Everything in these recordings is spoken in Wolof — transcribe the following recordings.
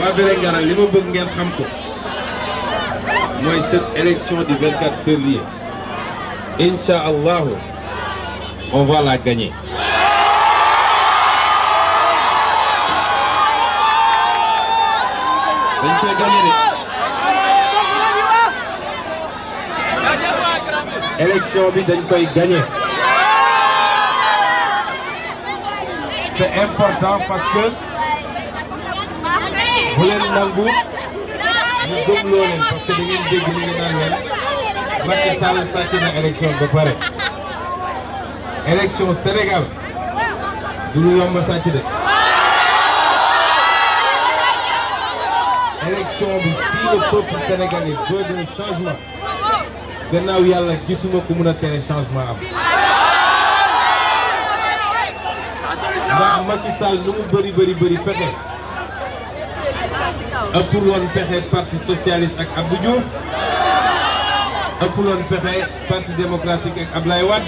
Babelengara, lima bengen hamko. Moi cette élection du 24 février. Inch'Allah, on va la gagner. On va gagner. Élection, on va gagner. C'est important parce que bu leen nangu ñu gëmloo leen parce que da ngeen dégg ñu ngi naan leen Macky Sall sàcc na élection ba pare. élection Sénégal du lu yomb sàcc de. élection bi fii le peuple sénégalais changement gannaaw yàlla gisuma ku mun a tere changement am. ëppul woon pexe parti socialiste ak Abdou Diouf ëppul woon pexe parti démocratique ak Ablaye Wade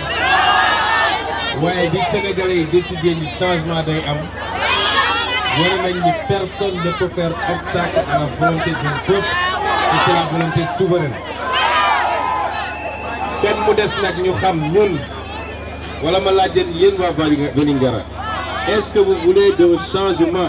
waaye bi Sénégalais yi décidé ni changement day am wane nañ personne ne peut faire obstacle à la volonté d'un peuple et la volonté souveraine kenn mu des nag ñu xam ñun wala ma laaj leen yéen waa Vélingara est-ce que vous voulez changement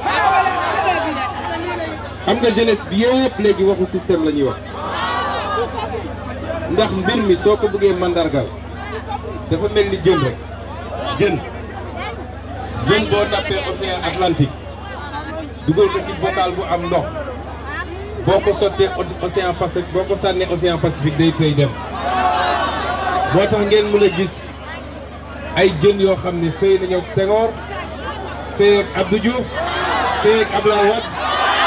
xam nga jeunesse bi yëpp léegi waxu système la ñuy wax ndax mbir mi soo ko bëggee mandargal dafa mel ni jën rek jën jën boo nappee océan Atlantique dugal ko ci bocal bu am ndox boo ko sottee océan Pacifique boo ko sànnee océan Pacifique day fay dem moo tax ngeen mën a gis ay jën yoo xam ne fay nañu ak Senghor fay ak Abdou Diouf fay ak Abdoulaye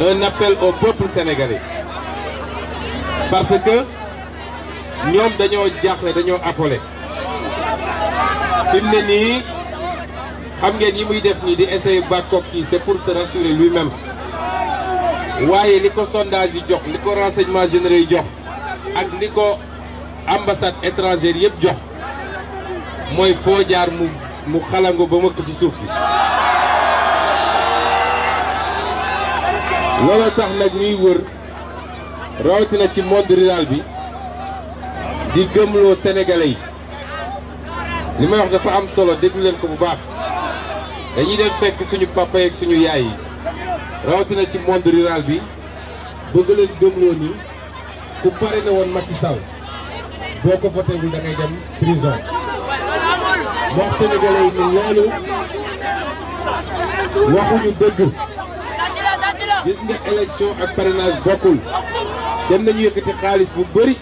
un appel au peuple sénégalais parce que ñoom dañoo jaaxle dañoo appelé fi mu ne nii xam ngeen yi muy def nii di essayer bàkkoog kii c'est pour se rassurer lui-même waaye li ko sondage yi jox li ko renseignements généraux yi jox ak li ko ambassade étrangère yëpp jox mooy foo jaar mu mu xalango ba mëkk ci suuf si looloo tax nag ñuy wër rawatina ci monde rural bi di gëmloo sénégalais yi li may wax dafa am solo déglu ko bu baax dañuy dem fekk suñu papa yeeg suñu yaay yi rawatina ci monde rural bi bëgg leen gëmloo ni ku pare na woon Macky Sall boo ko votéwul da ngay dem prison wax sénégalais yi ni loolu waxuñu dëgg. gis nga élection ak parrainage bokkul dem nañu yëkkati xaalis bu bëri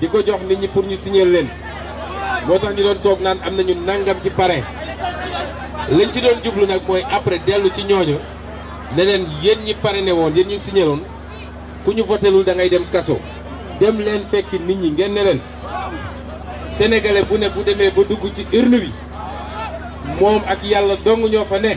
di ko jox nit ñi pour ñu signaler leen moo tax ñu doon toog naan am nañu nangam ci pare lañ ci doon jublu nag mooy après dellu ci ñooñu ne leen yéen ñi pare ne woon yéen ñu signé woon ku ñu votelul da ngay dem kaso dem leen fekki nit ñi ngeen ne leen sénégalais bu ne bu demee ba dugg ci urne bi moom ak yàlla dong ñoo fa ne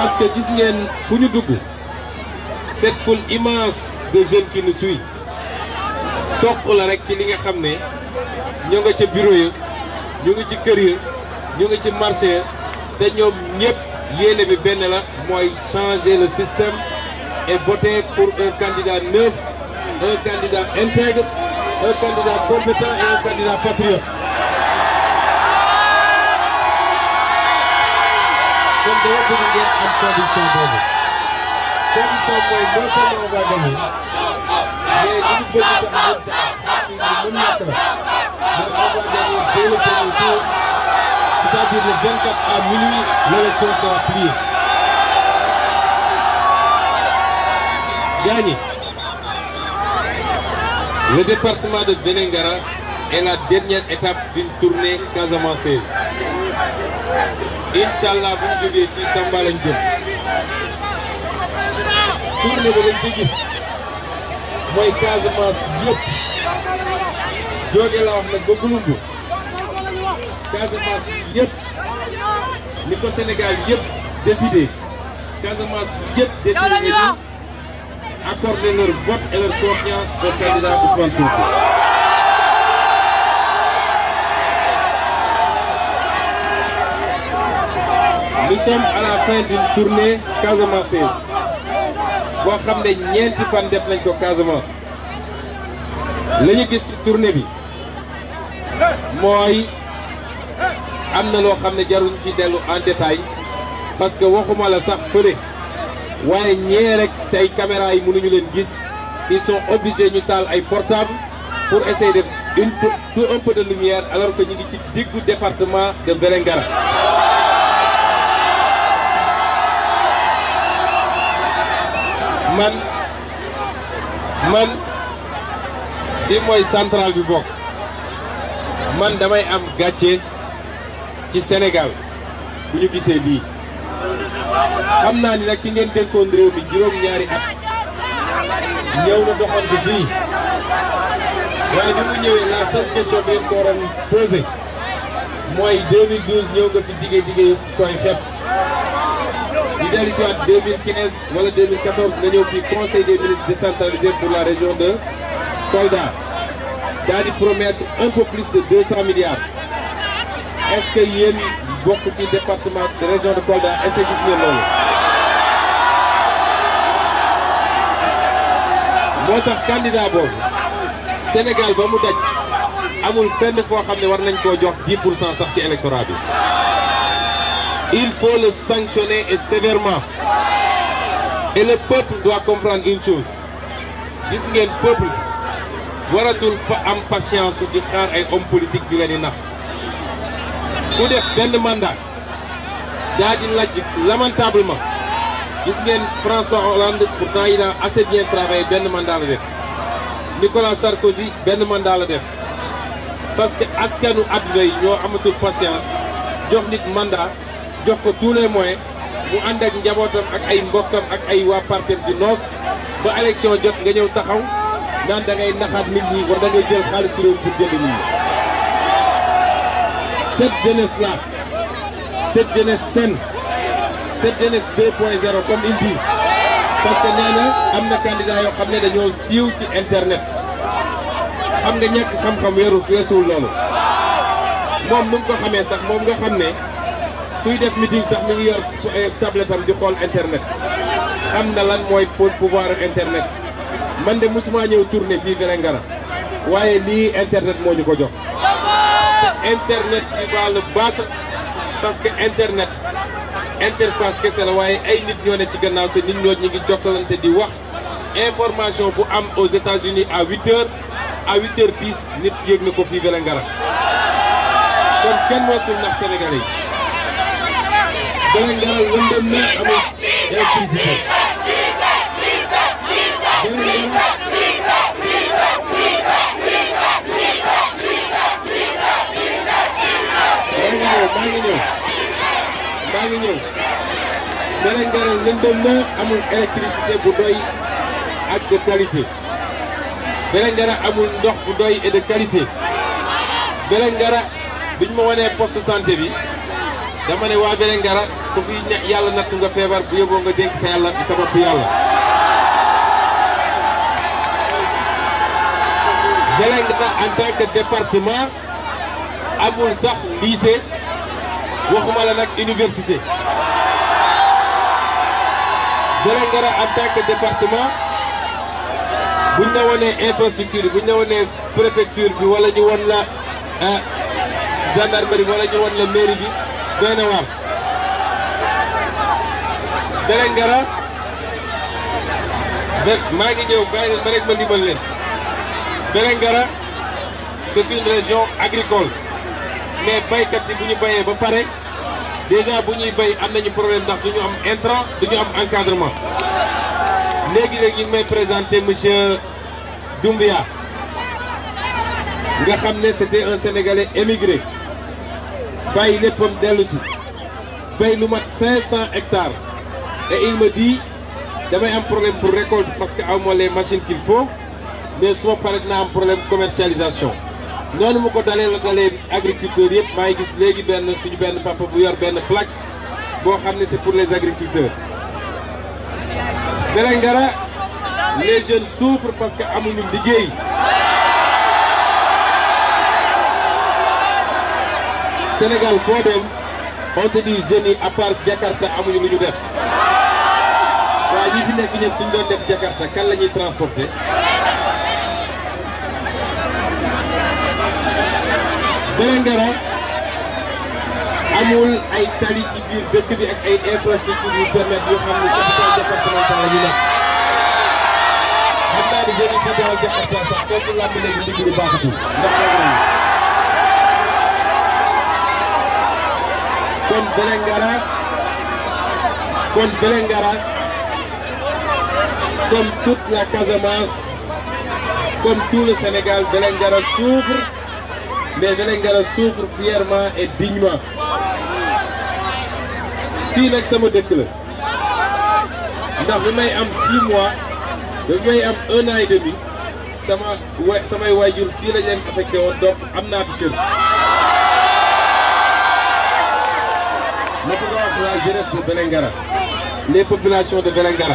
parce que gis cette foule immense de jeunes qui nous suit qu'on la rek ci li nga ñu bureau ya ñu ci kër ci marché changer le système et voter pour un candidat neuf un candidat intègre un candidat compétent et un candidat patriote c'est-à-dire le 24 à minuit l'élection sera Le département de Benengara est la dernière étape d'une tournée Casamance. incha allah bu ñu jógee fii Tamba lañ mooy Casamance yëpp jóge la wax nag ba Gouloumbou Casamance yëpp ni ko Sénégal yëpp décidé Casamance yëpp décidé nañu accorder vote et leur confiance au candidat Ousmane Sonko. nous sommes à la fin d'une tournée Casamance. ne Casamance la tournée en détail parce que waxuma la sax rek caméra yi leen gis ils sont obligés ñu taal ay portable pour essayer de une un peu de lumière alors que ñi ngi ci département de Vélingara man man bi mooy centrale bi bokk man damay am gàcce ci Sénégal bu ñu gisee lii xam naa ni nag ki ngeen dénkoon réew mi juróom-ñaari at ñëw na doxantu fii waaye ni mu ñëwee la seule question bi ngeen mooy 2012 ñëw nga fi digee digee koy xepp dellu 2015 wala 2014 la ñëw conseil des ministres décentralisé pour la région de Kolda daa promettre un peu plus de 200 milliards est-ce qu'il que un bon ci département de la région de Kolda est-ce que gis candidat Sénégal ba mu daj amul fenn ne war nañ 10 de sortie sax il faut le sanctionner et sévèrement. Et le peuple doit comprendre une chose. dis-le le peuple avoir am patience de faire un homme politique du leen di Il faut def un mandat Il y a lamentablement gis François Hollande pourtant il a assez bien travaillé Ben mandat la def Nicolas Sarkozy Ben mandat la def parce que askanu il nous avons amatul patience jox nit mandat jox ko tous les moyens mu ànd ak njabootam ak ay mbokkam ak ay waa partem di noos ba élection jot nga ñëw taxaw naan dangay ngay naxaat nit ñi wala da ngay jël xaalis réew pour jënd nit ñi cette jeunesse là cette jeunesse saine cette jeunesse 2 point 0 comme am na candidat yoo xam ne dañoo siiw ci internet xam nga ñàkk xam-xam weeru weesuwul loolu moom nu mu ko xamee sax moom nga xam ne. suy def meeting sax mi ngi yor eh, tablette am di internet xam lan moy pour pouvoir internet man de mosuma ñëw tourner fi velengara waye li internet moo ko jox internet qui va le battre parce que internet interface que la waye ay nit ñone ci gannaaw te nit ñoo ñi ngi jokkalante di wax information bu am aux États-Unis à 8h à 8 h dix nit yéeg na ko fii Vélingara kon kenn wootul Sénégalais Sénégal lëndëm na amul électricité. maa ngi ñëw maa ngi ñëw Sénégal lëndëm na doy ak de qualité. Vélingara amul ndox bu doy et de qualité Vélingara bi ñu ma wanee poste santé bi dama ne waa Vélingara ko fi yalla nattu nga febar bu yego nga denk sa yalla ci sababu yalla jeleng da en tant que département amul sax lycée waxuma la nak université jeleng dara en tant que département bu ñewone infrastructure bu ñewone préfecture bi wala ñu won la eh, gendarmerie wala ñu won la mairie bi benn waaw Vélingara maa magi ñëw gaa ma rek ma limal c'est une région agricole mais baykat yi bu ñu ba pare déjà bu ñuy bay am nañu problème ndax duñu am intrant duñu am encadrement légui nag ñu may présenter monsieur Doumbia nga xamné c'était un sénégalais émigré bàyyi léppam dellu ci bay lu mat 500 hectares. Et il me dit, j'avais un problème pour récolte parce qu'à moins les machines qu'il faut, mais souvent par exemple un problème de commercialisation. Non, nous sommes dans les agriculteurs nous sommes ngi gis suñu papa bu yor plaque c'est pour les agriculteurs Vélingara les jeunes souffrent parce que amuñu liggéey Sénégal foo Sénégal, on te dit jeunes à part Jakarta à lu ñu mais ñi fi nekk ñëpp suñ doon def Jakarta kan la ñuy transporter. Vélingara amul ay tali ci biir dëkk bi ak ay infrastructures yu permettre yoo xam la ñu nekk. xam naa ne jeunes yi fi daaw Jakarta sax foofu làmb kon Vélingara kon Vélingara comme toute la Casamance, comme tout le Sénégal, Belengara souffre, mais Belengara souffre fièrement et dignement. Qui est-ce que la ndax bi may am 6 mois dans am un an et demi sama m'a samay ça m'a lañ leen affecté woon donc am naa fi ma bëgg la jeunesse de Belengara, les populations de Belengara.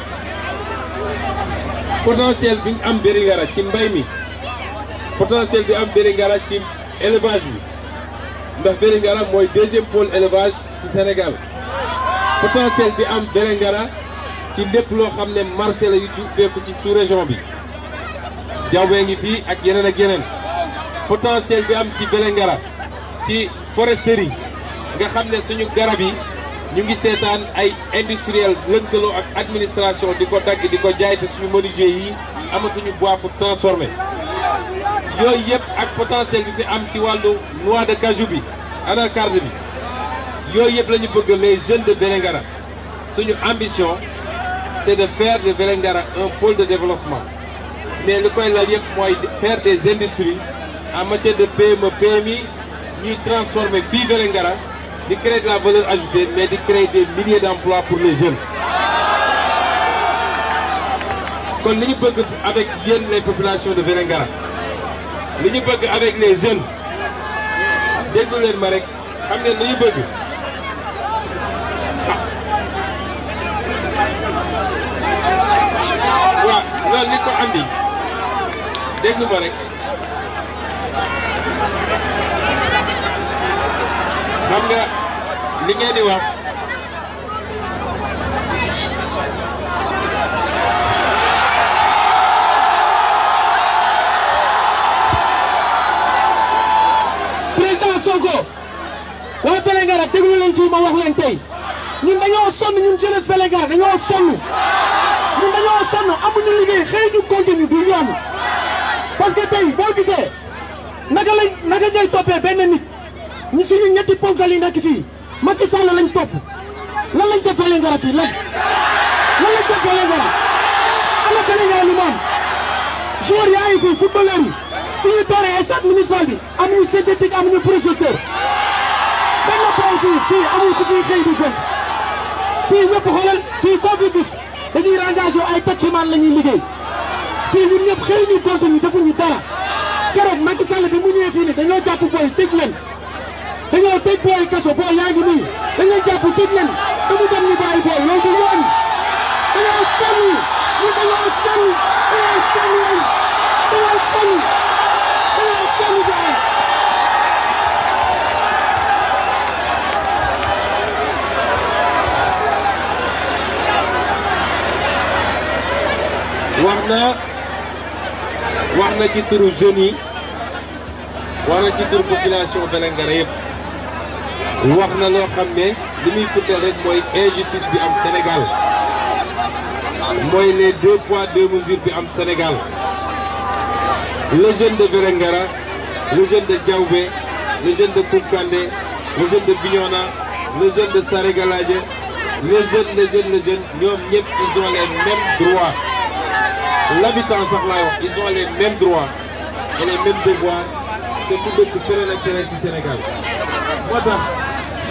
potentiel biñ am Biringara ci mbay mi potentiel bi am Biringara ci élevage bi ndax Biringara mooy deuxième pole élevage ci Sénégal potentiel bi am Biringara ci lépp loo xam ne marché la yu jubbeeku ci sous région bi jawwee ngi fii ak yeneen ak yeneen potentiel bi am ci Biringara ci foresterie nga xam ne suñu garab yi Nous ngi ay industriel lëkkaloo ak administration du ko dagg di ko jaay te suñu menuisier yi amatuñu bois pour transformer yooyu yëpp ak potentiel bi fi am ci walu noix de cajou bi carte bi yooyu yëpp la bëgg les jeunes de Vélingara suñu ambition c'est de faire de Vélingara un pôle de développement mais le koy lal yépp moy faire des industries en matière de PME PMI ñuy transformer bi Vélingara de créer de la valeur ajoutée, mais de créer des milliers d'emplois pour les jeunes. On nous pouvons avec les populations de Vélingara, nous pouvons avec les jeunes, déglu leen ma rek xam ñu bëgg ko xam nga li ngeen di wax. président Sonko waa Vélingara déglu leen fii ma wax leen tey ñun dañoo sonn ñun jeunesse Vélingara dañoo sonn ñun dañoo sonn amuñu liggéey xëy ñu continue du yoon parce que tey boo gisee naka lañ naka ñooy toppee benn nit. ñu suñu ñetti ponkal yi nekk fii Macky Sall lañ topp lan lañ def Vélingara fii lan lan lañ def Vélingara ana lu moom joueur yaa ngi fii footballeur yi suñu terrain stade municipal bi amuñu synthétique amuñu projecteur benn point fii fii amul ku fiy xëy di gën fii ñëpp xoolal fii koo fi gis dañuy engagé ay taximan la ñuy liggéey fii ñun ñëpp xëy ñu gont ñu defuñu dara keroog Macky Sall bi mu ñëwee fii nii dañoo jàpp booy tëj leen dengan tempo yang kasut bola yang ini dengan jago tinggal kemudian ni bayi bola yang ini dengan sami dengan sami dengan sami dengan sami dengan sami dia Warna Warna kita terus ni Warna kita terus populasi Orang dalam wax na loo xam ne li rek injustice bi am Sénégal moy les deux poids deux mesures bi am Sénégal le jeune de Verengara, le jeune de Diaobé le jeune de Koukandé le jeune de Bignona le jeune de Saré les le jeune le jeune le jeune ñom ils ont les mêmes droits l'habitant sax ils ont les mêmes droits et les mêmes devoirs que nous dëkk feneen ak feneen du Sénégal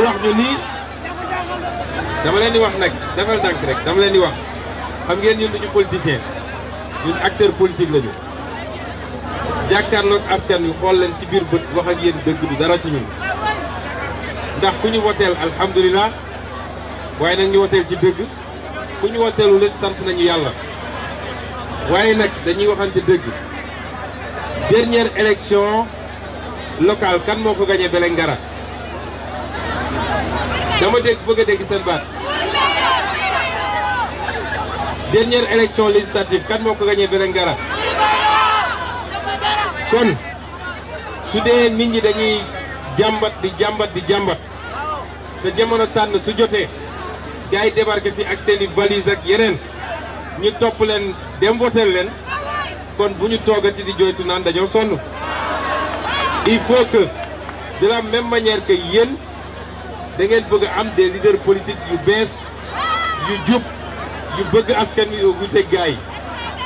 mu wax nii dama leen di wax nag defal ndànk rek dama leen di wax xam ngeen ñun duñu politicien ñun acteur politique lañu jàkkaarloog askan wi xool leen ci biir bët wax ak dëgg du dara ci ñun ndax ku ñu woteel alhamdulilah waaye nag ñu woteel ci dëgg ku ñu woteelu leen sant nañu yàlla waaye nag dañuy waxante dëgg dernière élection locale kan moo ko gagné Vélingara dama dégg bëgg a dégg seen baat dernière élection législative kan moo ko gagné Vélingara kon su dee nit ñi dañuy jàmbat di jàmbat di jàmbat te jamono tànn su jotee gars yi débarqué fi ak seen i valise ak yeneen ñu topp leen dem voteel leen kon bu ñu toogati di jooytu naan dañoo sonn il faut que de la même manière que da ngeen bëgg am de leaders politiques yu bees yu jub yu bëgg askan wi yu teg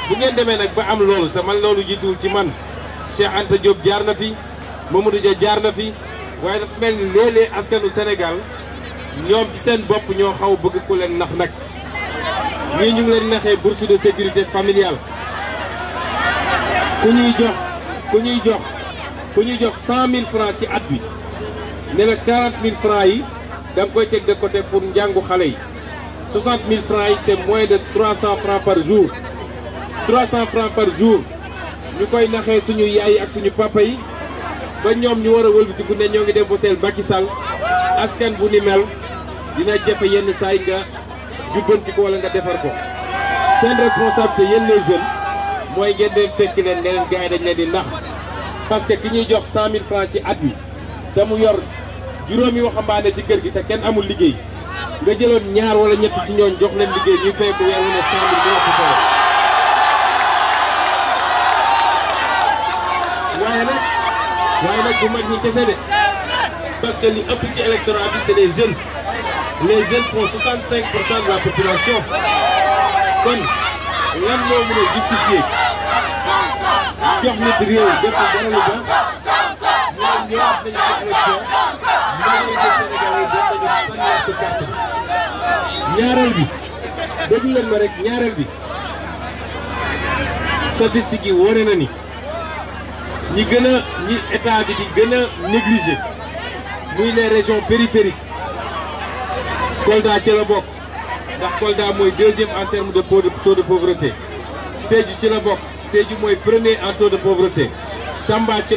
bu ngeen demee nag ba am loolu te man loolu jiituwul ci man Cheikh Anta Diop jaar na fi Mamadou Dia jaar na fi waaye dafa mel ni léeg-léeg askanu Sénégal ñoom ci seen bopp ñoo xaw bëgg ku leen nax nag ñii ñu ngi leen naxee bourse de sécurité familiale ku ñuy jox ku ñuy jox ku ñuy jox cent mille francs ci at bi ne la quarante mille yi da nga koy teg de côté pour njàngu xale yi mille 000 francs yi c'est moins de 300 francs par jour 300 francs par jour ñu koy naxee suñu yaay ak suñu papa yi ba ñoom ñu war a wëlbatiku ne ñoo ngi dem hôtel Macky Sall askan bu ni mel dina jafe yenn saay nga jubbanti ko wala nga defar ko seen responsabilité yéen les jeunes mooy ngeen leen fekk leen ne leen yi dañ leen di nax parce que ki ñuy jox mille francs ci at mi te mu yor juróomi waxambaane ci kër gi te kenn amul liggéey nga jëloon ñaar wala ñett ci ñooñ jox leen liggéey ñuy fay ko weer wu ne cent mille bu ëpp waaye nag bu mag ñi kese de parce li ëpp ci électorat bi c'est des jeunes les jeunes font 65 pour cent de la population kon lan moo mën a justifier jox nit réew def dara lu baax a bi ni état di les régions périphériques Kolda ci la ndax Kolda deuxième en termes de taux de pauvreté C'est du la C'est du moy premier en taux de pauvreté Tamba ci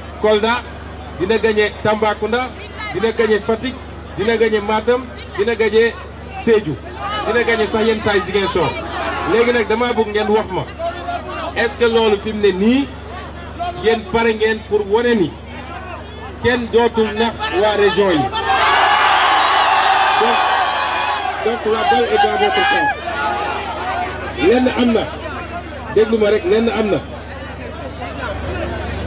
Kolda dina gagné Tambacounda dina gagné Fatick dina gagné Matam dina gagné Sédhiou dina gagné sax yenn saay Ziguinchor léegi nag dama bëgg ngeen wax ma est-ce que loolu fi mu ne nii yéen pare ngeen pour wane ni kenn dootul nax waa région yi donc donc la balle est dans lenn am na déglu rek lenn am na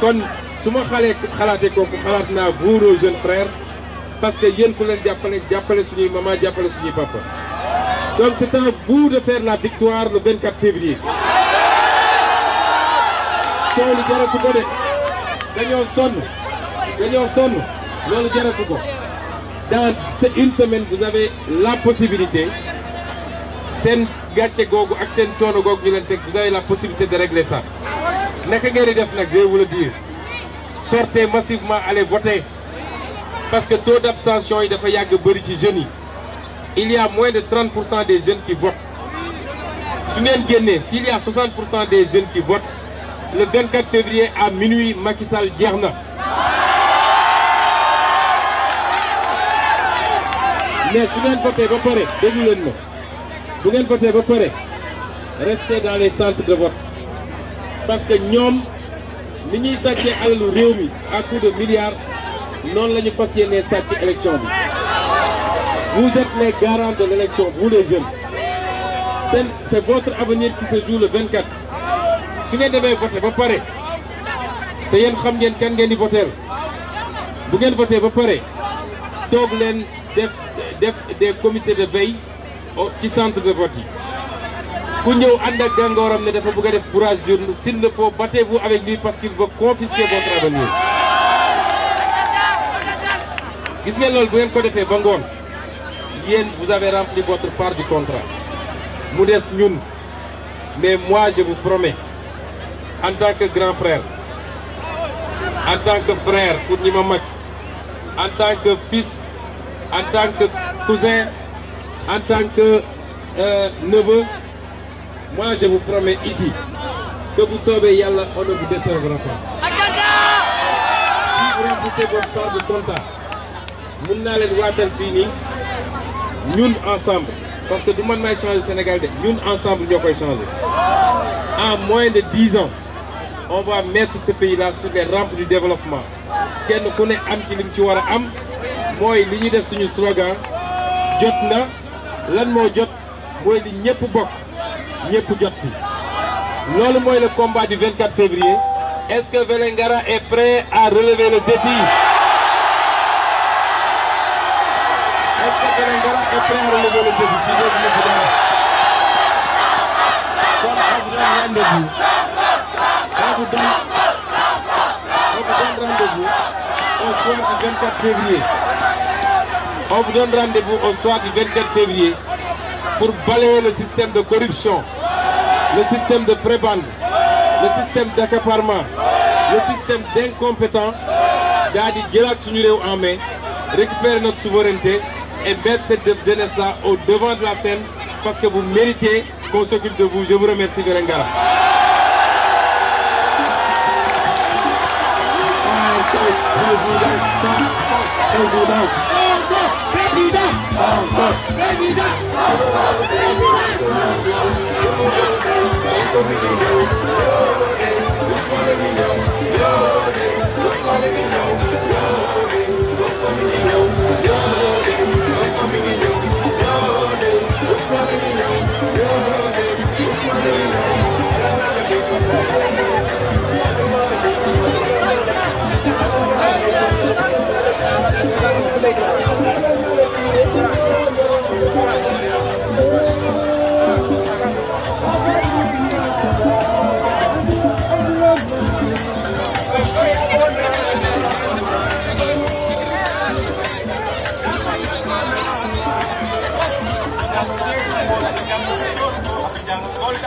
kon su ma xalee xalaatee kooku xalaat naa buuroo jeune frère parce que yéen ku leen jàppale jàppale suñuy maman jàppale suñuy papa donc c'est un bout de faire la victoire le 24 février loolu jaratu ko de dañoo sonn dañoo sonn loolu jaratu ko dans une semaine vous avez la possibilité Sen gàcce googu ak seen coono googu ñu leen teg vous avez la possibilité de régler ça je vais vous le dire sortez massivement allez voter parce que taux d'abstention est de jeunes il y a moins de 30 des jeunes qui votent s'il y a 60 des jeunes qui votent le 24 février à minuit Makissal Sall mais si vous votez vous vous restez dans les centres de vote parce que nous, ni ñuy sàccee alalu réew mi à coup de milliards nous la ñu fas yéenee vous êtes les garants de l'élection vous les jeunes c'est votre avenir qui se joue le 24 Si vous demee voter, vous pare te yéen xam ngeen kan ngeen di voté bu ngeen voté ba pare toog leen def des comités de veille au centre de vote s'il vous ne dafa bëgg def le faut battez-vous avec lui parce qu'il veut confisquer votre avenir gis bu ko ba vous avez rempli votre part du contrat mu dess ñun mais moi je vous promets en tant que grand frère en tant que frère pour en tant que fils en tant que cousin en tant que euh, neveu moi, je vous promets ici que vous sauvez Yalla, on ne vous desservira pas. Si vous remboursez votre part de contact, nous n'allons pas fini, nous ensemble, parce que le monde a changer le Sénégal, nous ensemble, nous allons changer. En moins de 10 ans, on va mettre ce pays-là sur les rampes du développement. Quel nous connaît Am Tilim Tiwara Am, moi, l'unité de ce slogan, Jotna, l'un mot Jot, moi, il n'y a pas L'homme jot le combat du 24 février est-ce que Velengara est prêt à relever le défi est-ce que Velengara est prêt à relever le défi on vous donne rendez-vous on vous donne rendez-vous au soir du 24 février on vous donne rendez-vous au soir du 24 février pour balayer le système de corruption le système de prébande, le système d'accaparement, le système d'incompétents, Dadi en main, récupère notre souveraineté et mettre cette jeunesse-là au devant de la scène parce que vous méritez qu'on s'occupe de vous. Je vous remercie, Verengara. gonna be young. It's gonna be young.